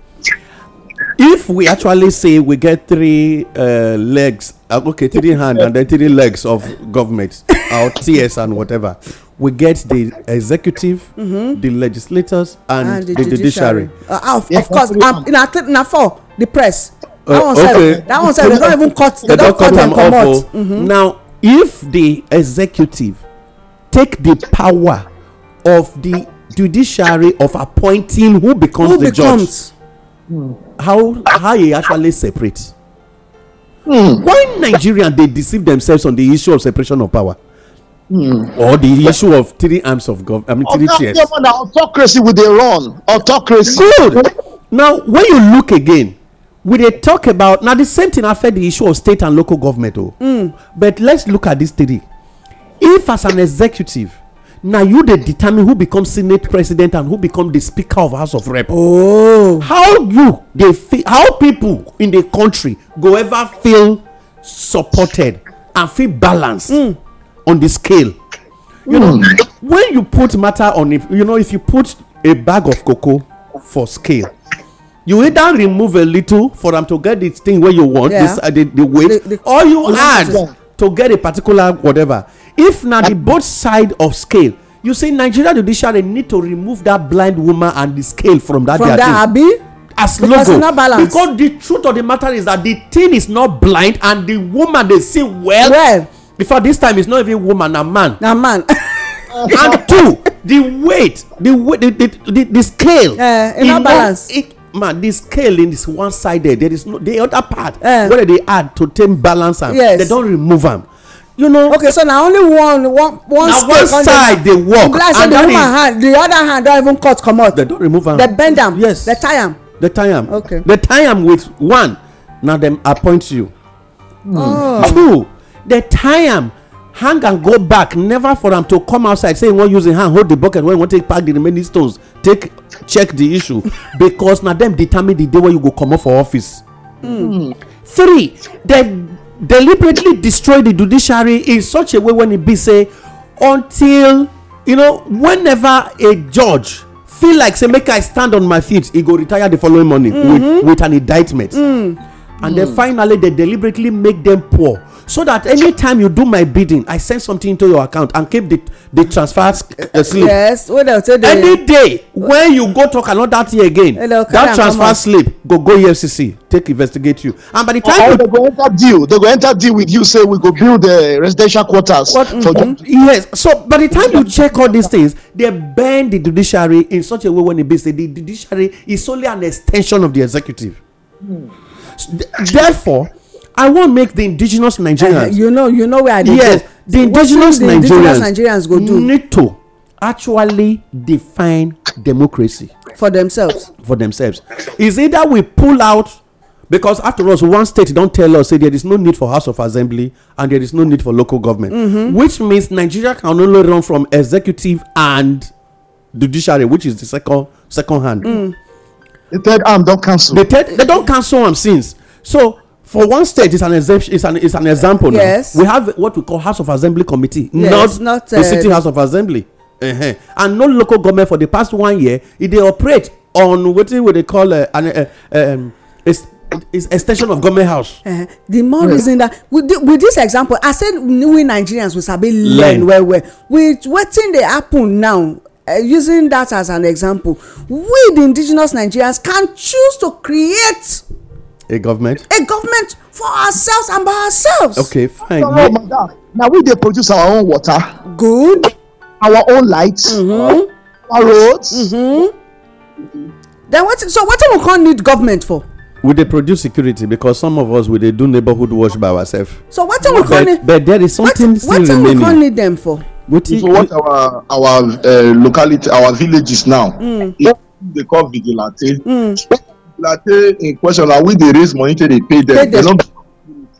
if we actually say we get three uh, legs uh, okay three hands, and then three legs of government or ts and whatever we get the executive mm -hmm. the legislators and, and the, the judiciary. judiciary. Uh, ah, of, yes, of course um, and na na for the press. Uh, that one okay. sef that one said they don even cut they, they don cut am comot. Mm -hmm. now if the executive take the power of the judiciary of appointing who becomes who the becomes? judge how how e actually separate. Mm. why nigerians dey deceive themselves on the issue of separation of power. Mm. Or the but, issue of three arms of government, I mean, three tiers. Autocracy with Iran. Autocracy. Good. Now, when you look again, we they talk about now the same thing affect the issue of state and local government Oh, Mm. But let's look at this three. If as an executive, now you they determine who becomes senate president and who becomes the speaker of house of rep. Oh. How you they feel how people in the country go ever feel supported and feel balanced. Mm on the scale you know hmm. when you put matter on it you know if you put a bag of cocoa for scale you either remove a little for them to get the thing where you want yeah. this, uh, the, the weight the, the, or you the add system. to get a particular whatever if now the both side of scale you say nigeria judiciary need to remove that blind woman and the scale from that from their that thing abi as because logo because the truth of the matter is that the thing is not blind and the woman they see well, well before this time it's not even woman na man na man (laughs) and two the weight the weight the the the, the scale uh, in balance it, man the scale in is one sided there is no the other part uh, eh. wey they add to take balance am yes. they don remove am you know. okay so na only one one one scale. one side dey work and that is the woman hand the other hand don even cut comot. they don remove am they bend am yes they tie am. they tie am okay they tie am with one na dem appoint you. Mm. Oh. two dey tie am hang am go back never for am to come outside say e wan use im hand hold the bucket wey e wan take pack the remaining stones take check the issue (laughs) because na dem determine the day wey you go comot for office hmm. three dem deliberately destroy the judiciary in such a way when e be say until you know whenever a judge feel like say make i stand on my feet e go retire the following morning mm-hmm. with with an indictment mm and mm. then hmm. finally they deliberately make them poor so that anytime you do my bidding i send something into your account and keep the the transfer eh, slip. yes wey dem say dey. any day when you go talk another thing again eh, that transfer slip go go efcc take investigate you and by the time. or you, they go enter deal they go enter deal with you say we go build the residential quarters. What, for mm -hmm. yes so by the time you check all these things they bend the judiciary in such a way when e be say the judiciary is solely an extension of the executive. Mm therefore i wan make the indigenous nigerians you know you know where i dey yes the indigenous nigerians go do need to actually define democracy for themselves for themselves is either we pull out because after all one state don tell us say there is no need for house of assembly and there is no need for local government mm-hmm. which means nigeria can only run from executive and judiciary which is the second second hand mm the third arm don cancel. the third they don cancel am since so for one state it's an exemption it's an it's an example now. yes. we have what we call house of assembly committee. yes not, not uh, the city house of assembly uh-huh. and no local government for the past one year e dey operate on wetin we dey call uh, an uh, um, is extension of government house. Uh, the more yeah. reason that with, the, with this example i say we nigerians we sabi learn, learn well well with wetin dey happen now Eh, using that as an example we the indigenous nigerians can choose to create a government a government for ourselves and by ourselves okay fine all, madam na we dey produce our own water good our own light mm -hmm. our roads mm -hmm. then what? so wetin we come need government for we dey produce security because some of us we dey do neighborhood watch by ourselves so wetin we come need but there is something still remaining wetin we come need dem for Buti, so what our our uh, locality our villages now mm. they call vigilante mm. vigilante in question Are we dey raise money take dey pay them pay they no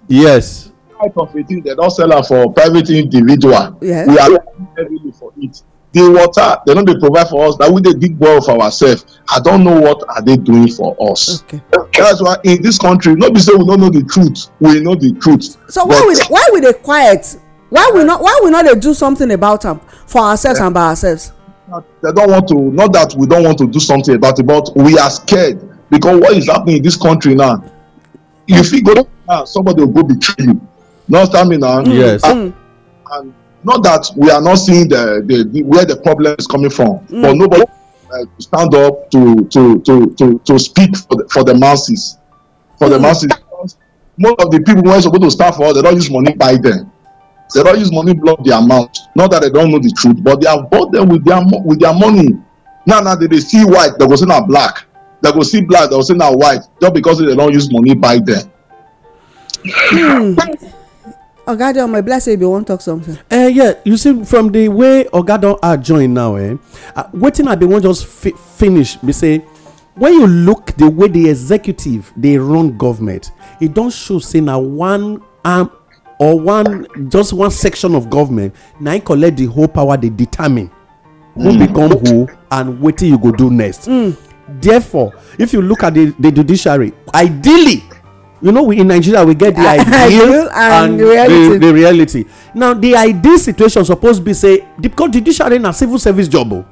yes type of thing they don sell am for private individual yes. we are heavily for it the water they no dey provide for us na we dey dig well for ourselves i don know what are they doing for us okay. that's why in this country no be say we no know the truth we know the truth so why we why we dey quiet why we not why we not dey do something about am for ourselves yeah. and by ourselves. they don't want to not that we don't want to do something about it but we are scared because what is happening in this country now you figure, go now somebody will go betray you you understand me now. Mm. yes and, mm. and not that we are not seeing the the, the where the problem is coming from mm. but nobody uh, stand up to to to to to speak for the, for the masses for mm. the masses most of the people wey suppose to stand for us they don use money buy them. They don't use money block the amount. Not that they don't know the truth, but they have bought them with their with their money. Now, now they, they see white, they go see now black. They go see black, they go see now white, just because they don't use money buy them. Hmm. ogadon my blessing you want wan talk something. Uh, yeah you see from the way ogadon are joined now eh, uh, wetin i be wan just fi finish Me say when you look the way the executive they run government it don't show say na one arm or one just one section of government na im collect the whole power dey determine who mm. become who and wetin you go do next mm. therefore if you look at the the judiciary ideally you know we in nigeria we get the (laughs) ideal and, and reality. The, the reality now the ideal situation suppose be say because judiciary na civil service job o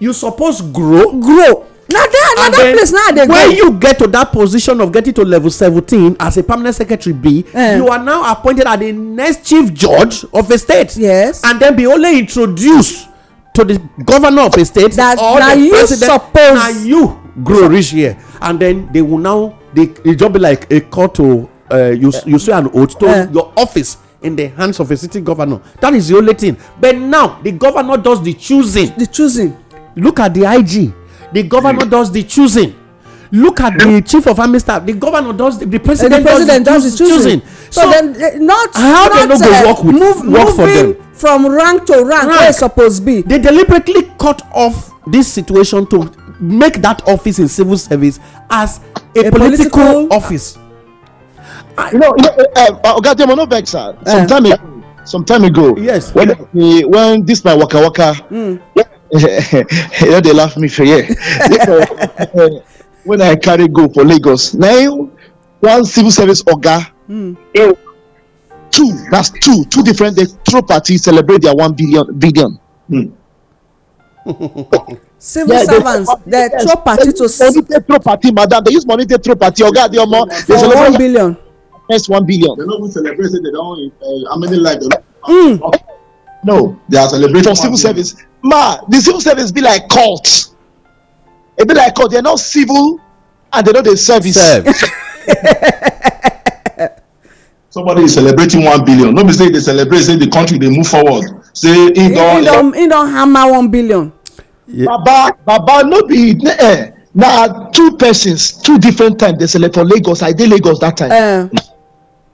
you suppose grow grow na there na that place now dey go when you get to that position of getting to level seventeen as a permanent secretary be eh. you are now appointed as the next chief judge of a state yes and then be only introduced to the governor of a state that or na you suppose na you grow reach here and then they will now they e just be like a call to uh, you you say an oath to uh, your office in the hands of a city governor that is the only thing but now the governor does the choosing the choosing look at the ig the government does the choosing look at the chief of army staff the governor does the, the president, the president does, does the choosing, choosing. so, so then eh, not how not, they no go eh, work with move, work for them from rank to rank, rank where e suppose be. they deliberately cut off this situation to make that office in civil service as a, a political, political office. I, you know, you know uh, oga demo no vex am ah. some time ago some time ago yes when when this my waka waka mm. Yeah, they laugh me for yeah. when I carry go for Lagos, now one civil service oga, mm. two that's two two different they throw parties celebrate their one billion billion. Mm. (laughs) civil yeah, servants they throw party to money they throw party madam they use money they throw party oga adi omo they celebrate one billion. yes, one billion. they don't celebrate they don't. uh, how many like they Mm. No, they are celebrating civil service. Ma, the civil service be like cult. It be like cult. They're not civil and they're not a service. Serve. (laughs) Somebody is celebrating one billion. Nobody say they celebrate, say the country they move forward. Say in don't, in don't hammer one billion. Yeah. Baba Baba no be eh, Now two persons two different times they celebrate for Lagos. I did Lagos that time. Uh.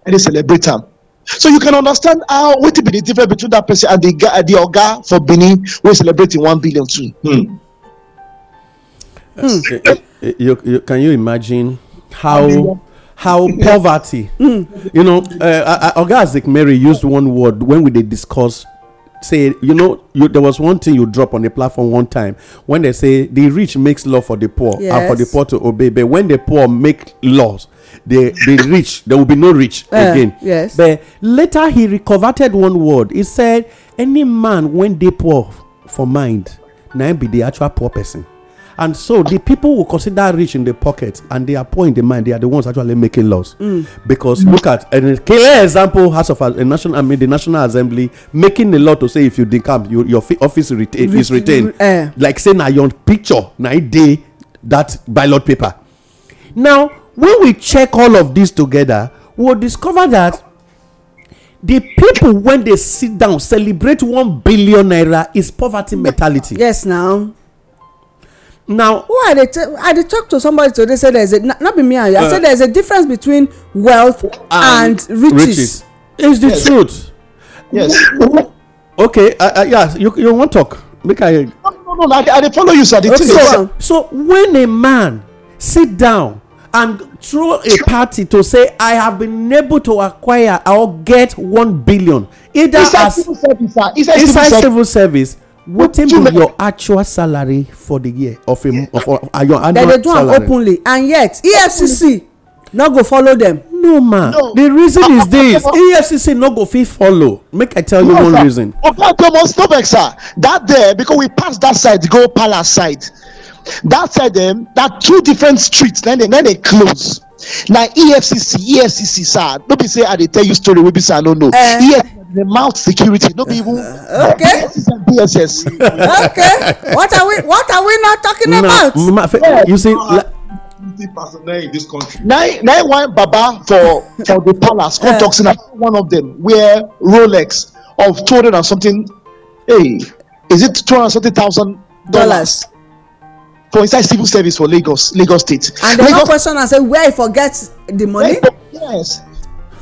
I dey celebrate am. So you can understand how what be the difference between that person and the the oga for Benin we're celebrating one billion too. Hmm. Uh, you, you, can you imagine how how hmm. poverty? Hmm. you know, uh, Oga Azik Mary used one word when we did discuss say you know you, there was one thing you drop on the platform one time when they say the rich makes law for the poor yes. and for the poor to obey but when the poor make laws the the rich there will be no rich uh, again yes but later he recovered one word he said any man when they poor for mind now be the actual poor person And so the people who consider rich in the pocket and they are poor in the mind, they are the ones actually making laws. Mm. Because look at a clear example, House of a National, I mean, the National Assembly making a law to say if you decamp, you, your office retain, Re- is retained. Uh, like saying na your picture, na e day that ballot paper. Now, when we check all of this together, we will discover that the people when they sit down celebrate one billion naira is poverty mentality. yes now now who i dey i dey talk to somebody today say there's a not be me and you i uh. say there's a difference between wealth and riches is the truth yes okay yeah you you wan talk make i no no no i dey follow you sir the thing so so when a man sit down and throw a party to say i have been able to acquire or get one billion either as inside civil service wetin be your actual salary for the year of a of a uh, your annual salary. dem dey do am openly and yet efcc no go follow them? no ma the reason (laughs) is this efcc no go fit follow make i tell you one reason. oga tomo stop sir. that there because we pass that side go palace side that side dem na two different streets na dem na dem close na efcc efcc sir no be say i dey tell you story wey be say i no know. Uh, the mouth security no uh-huh. even okay DSS. okay what are we what are we not talking no, about no, you see uh-huh. no, personnel in this country one baba for for the palace come uh. talk one of them wear rolex of two hundred and something hey is it two hundred and something thousand dollars for inside civil service for lagos lagos state. and dem no question am say where he forgets the money. yes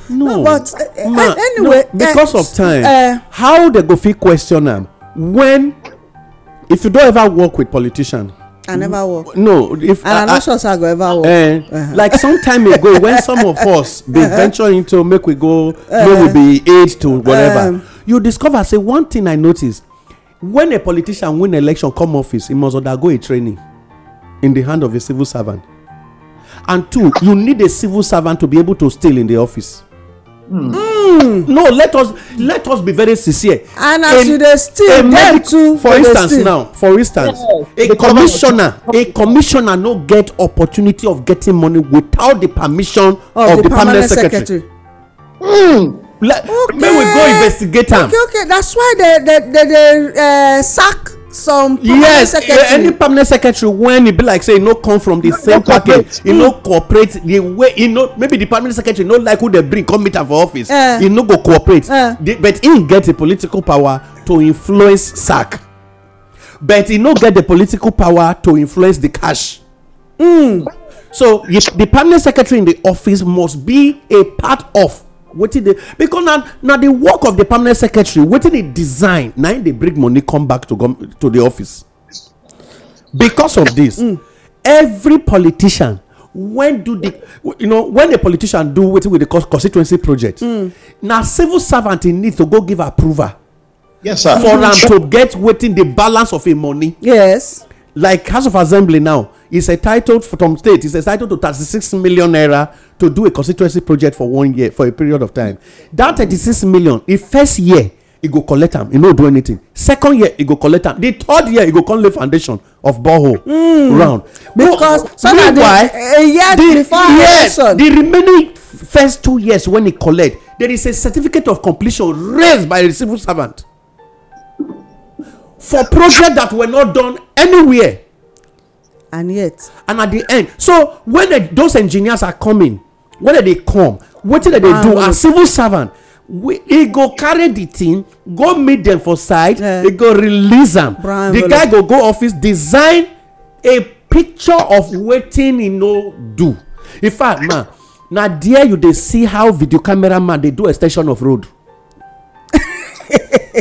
no but eh, eh, eh, anyway because of time how they go fit question am when if you don ever work with politician i never mm, work no if and i not sure say i go ever work uh-huh. like some time ago (laughs) when some of us bin uh-huh. venture into make we go uh-huh. make we be aid to whatever um. you discover say one thing i notice when a politician win election come office he must undergo a training in the hand of a civil servant and two you need a civil servant to be able to stay in the office Mm. mm. no let us let us be very sincere. and as a, you dey steal dem too for instance now for instance yes. a commissioner a commissioner no get opportunity of getting money without the permission of, of the, the permanent, permanent secretary. secretary. Mm. Let, okay. may we go investigate am. okay okay that's why they they they dey uh, sack some permanent secretary yes any permanent secretary when e be like say e no come from the same package e no hmm. cooperate the way e no maybe the permanent secretary no like who dey bring come meet am for office e no go cooperate eh. but im get the political power to influence sack but e no get the political power to influence the cash hmm. so the permanent secretary in the office must be a part of wetin dey because na na the work of the permanent secretary wetin e design na im dey bring money come back to come to the office because of this mm. every politician when do the you know when a politician do wetin we dey call constituency project mm. na civil servant he need to go give approval yes sir for am to get wetin the balance of im money yes like house of assembly now is entitled from state is entitled to 36 million naira to do a constituency project for one year for a period of time that 36 million in first year e go collect am e no do anything second year e go collect am the third year e go come lay foundation of borehole mm. round because so na the a eh, eh, year the, before yes, the remaining first two years when e collect there is a certificate of completion raised by a civil servant for project that were not done anywhere and yet and at the end so when the, those engineers are coming when they come wetin dem dey do ah. as civil servant we e go carry the thing go meet them for side He go release am the guy go go office design a picture of wetin he no do in fact ma na there you dey see how video camera man dey do extension of road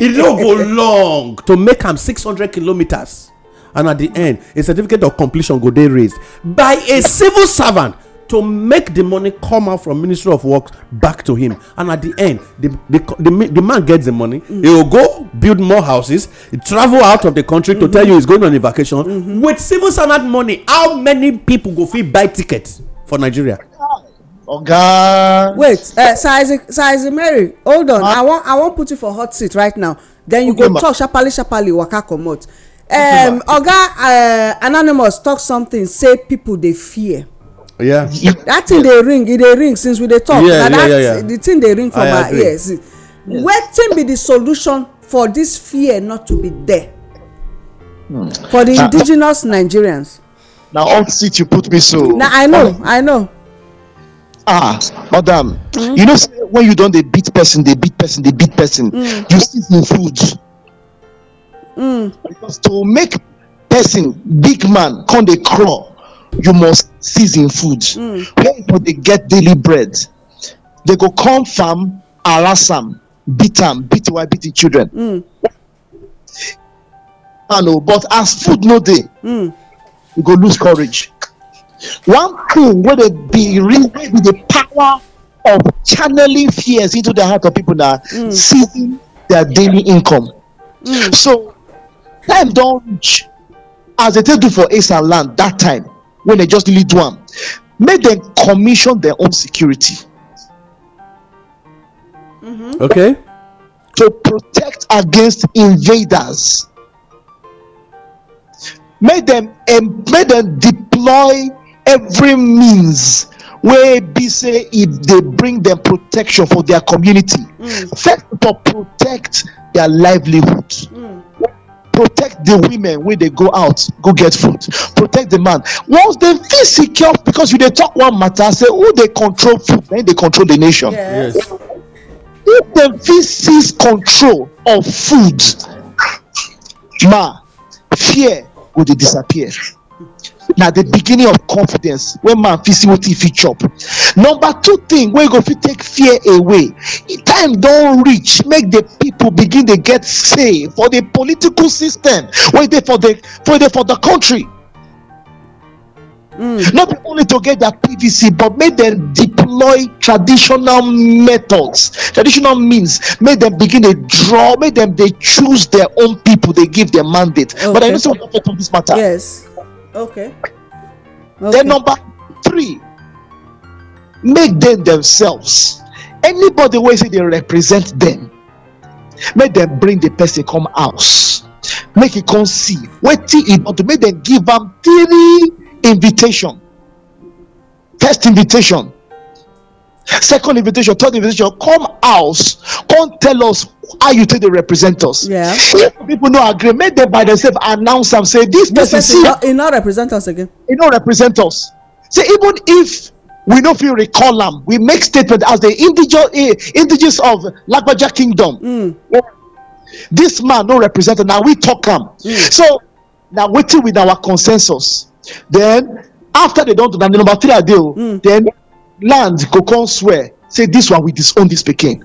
e (laughs) no go long to make am six hundred kilometres and at the end a certificate of completion go dey raised by a civil servant to make the money come out from ministry of works back to him and at the end the the the, the man gets the money mm he will go build more houses he travel out of the country mm-hmm. to tell you he's going on a vacation mm-hmm. with civil servant money how many people go fit buy tickets for nigeria. oga. wait uh, sir isaac sir isaac mary hold on Ma i wan i wan put you for hot seat right now then you okay, go talk sharparly sharparly waka comot um, oga uh, anonymous talk something say people dey fear. Yeah. that thing dey ring e dey ring since we dey talk yeah, na yeah, that yeah, yeah. the thing dey ring for my ears yes. wetin be the solution for this fear not to be there hmm. for the indigenous nigerians. na all seat you put me so. na i know i know. ah madam mm. you know say when you don dey beat person dey beat person dey beat person mm. you see him food. Mm. Because to make person big man come they crawl, you must season food. Mm. Where people they get daily bread, they go come farm, harass am, beat them, beat wife, beat the children. Mm. I know, oh, but as food no day, mm. you go lose courage. One thing wey be really with the power of channeling fears into the heart of people now, mm. seizing their daily income. Mm. So time them reach as they take do for ace and land That time when they just need one, make them commission their own security mm-hmm. okay to protect against invaders make them make them deploy every means where be say if they bring them protection for their community mm. first to protect their livelihood mm. protect the women when they go out go get food protect the man once dem feel secure because you they talk one matter say who they control food then they control the nation yes. if the VC's control of food ma fear go dey disappear na the beginning of confidence when man fit see wetin e fit chop number two thing wey go fit take fear away time don reach make the people begin dey get say for the political system wey dey for the wey dey for the country Mm. Not only to get their PVC, but make them deploy traditional methods, traditional means. Make them begin to draw. Make them they choose their own people. They give their mandate. Okay. But I don't I'm talking about this matter. Yes. Okay. okay. Then number three, make them themselves. Anybody where say they represent them, make them bring the person come house. Make it come see. Waiting it to make them give them three invitation. First invitation. Second invitation, third invitation, come house, come tell us how you think representatives? represent us. Yeah. If people no agree, make them by themselves announce them, say this, person see, not, it not represent us again. It not represent us. See, even if we don't feel recall am we make statement as the indigenous eh, indigenous of lagbaja kingdom mm. this man no represent Now we talk am mm. so now, waiting with our consensus then after they don do na the number three i oh, mm. then land go come swear say this one we disown this pikin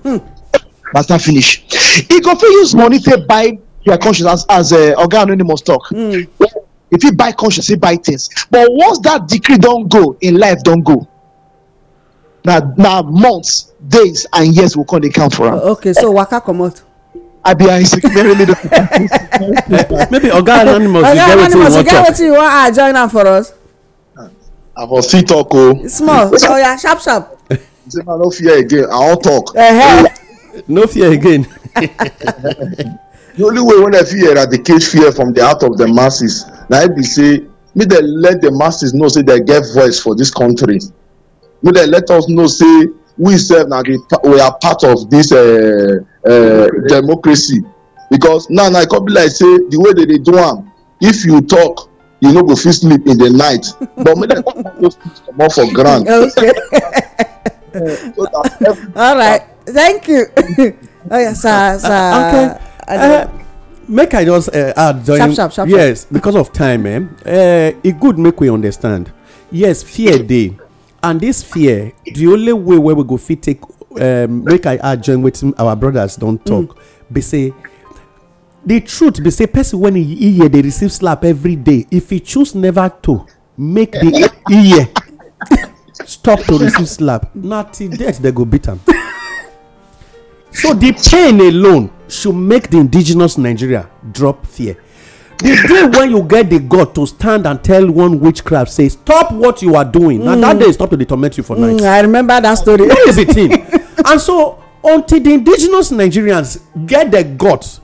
as hmm. na finish e go fit use money take buy their conscience as eh, oga anonymous talk If hmm. he buy conscience he buy things but once that decree don go im life don go na na months days and years go come dey count for am oh, okay so waka comot i be an very little maybe oga anonymous you get wetin you wan talk oga anonymous you get wetin you wan add ah, join am for us i for still talk o. small oya oh sharp sharp. say ma no fear again i wan talk. Uh -huh. no fear again. the only way wey I fit eradicate fear from the heart of the masses na it be say make dem let the masses know say dem get voice for this country make dem let us know say we sef na the we are part of this uh, uh, democracy because now na e come be like say the way dem dey do am if you talk you no go fit sleep in the night but make dem come out those things comot for ground. (laughs) okay so (laughs) all right uh, thank you (laughs) oh yeah sir sir uh, uh okay uh, make i just uh, add join sharp, sharp, sharp, yes sharp. because of time eh uh, e good make we understand yes fear dey and this fear the only way wey we go fit take um, make i add join wetin our brothers don talk mm. be say the truth be say person when e hear dey receive slap every day if e choose never to make the (laughs) ear (laughs) stop to receive slap na till death dem go beat am (laughs) so the pain alone should make the indigenous nigeria drop fear the day when you get the god to stand and tell one witchcraft say stop what you are doing na that mm. day stop to dey torment you for mm, night i remember that story what is the thing and so until the indigenous nigerians get the guts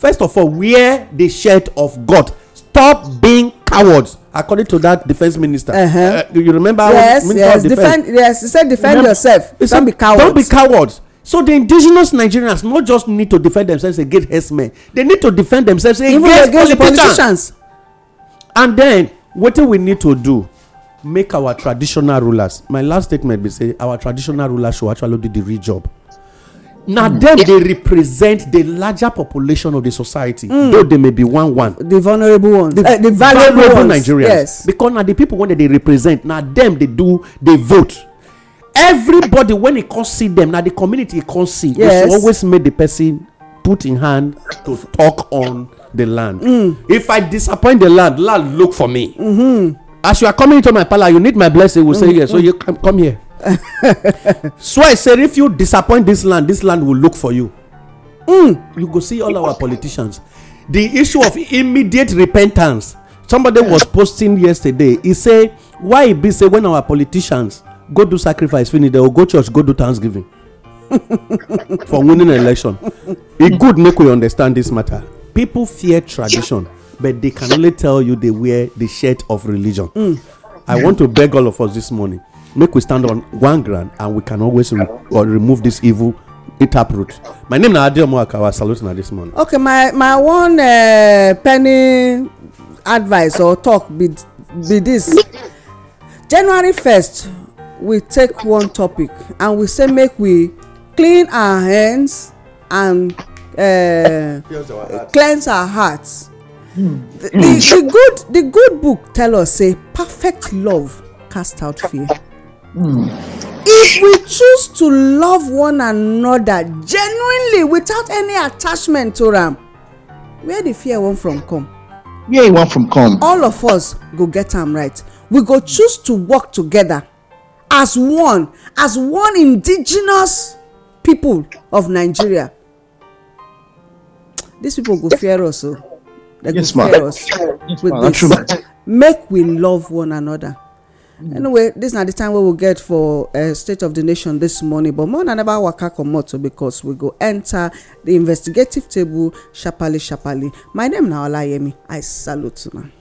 first of all wear the shirt of god stop being cowards according to that defense minister. Uh-huh. Uh, you remember? Yes, yes, defend, defend, yes. He said, defend remember, yourself. He said, don't be cowards. Don't be cowards. So the indigenous Nigerians not just need to defend themselves against herdsmen; they need to defend themselves against, against politicians. politicians. And then, what do we need to do? Make our traditional rulers. My last statement be say our traditional rulers should actually do the real job na hmm. them dey represent the larger population of the society hmm. though they may be one one the vulnerable ones the eh, valuable nigerians yes because na the people wey dem dey represent na them dey do dey vote everybody when e come see them, na the community e come see yes always make the person put in hand to talk on the land hmm. if i disappoint the land land look for me mm-hmm. as you are coming into my palace you need my blessing you go say mm-hmm. yes so you come here (laughs) so i say if you disappoint this land this land will look for you mm, you go see all our politicians the issue of immediate repentance somebody was posting yesterday He say why e be say when our politicians go do sacrifice finish they go church go do thanksgiving (laughs) for winning election e good make we understand this matter people fear tradition but they can only tell you they wear the shirt of religion hmm. i want to beg all of us this morning make we stand on one ground and we can always re or remove this evil taproot my name na adeomu akawa salute na this morning. okay my my one uh, penny advice or talk be be this january first we take one topic and we say make we clean our hands and uh, our cleanse our hearts. The, hmm. the, the good the good book tell us say perfect love cast out fear. If we choose to love one another genuinely without any attachment to am, where the fear wan from come? Where e wan from come? All of us go get am right. We go choose to work together as one, as one indigenous people of Nigeria. These people go fear us o. Oh. They yes, go fear us with this. Make we love one another anyway dis na the time wey we get for eh, state of the nation this morning but more na never waka comot o because we go enter the investigative table sharparly sharparly my name na olayemi i salute una.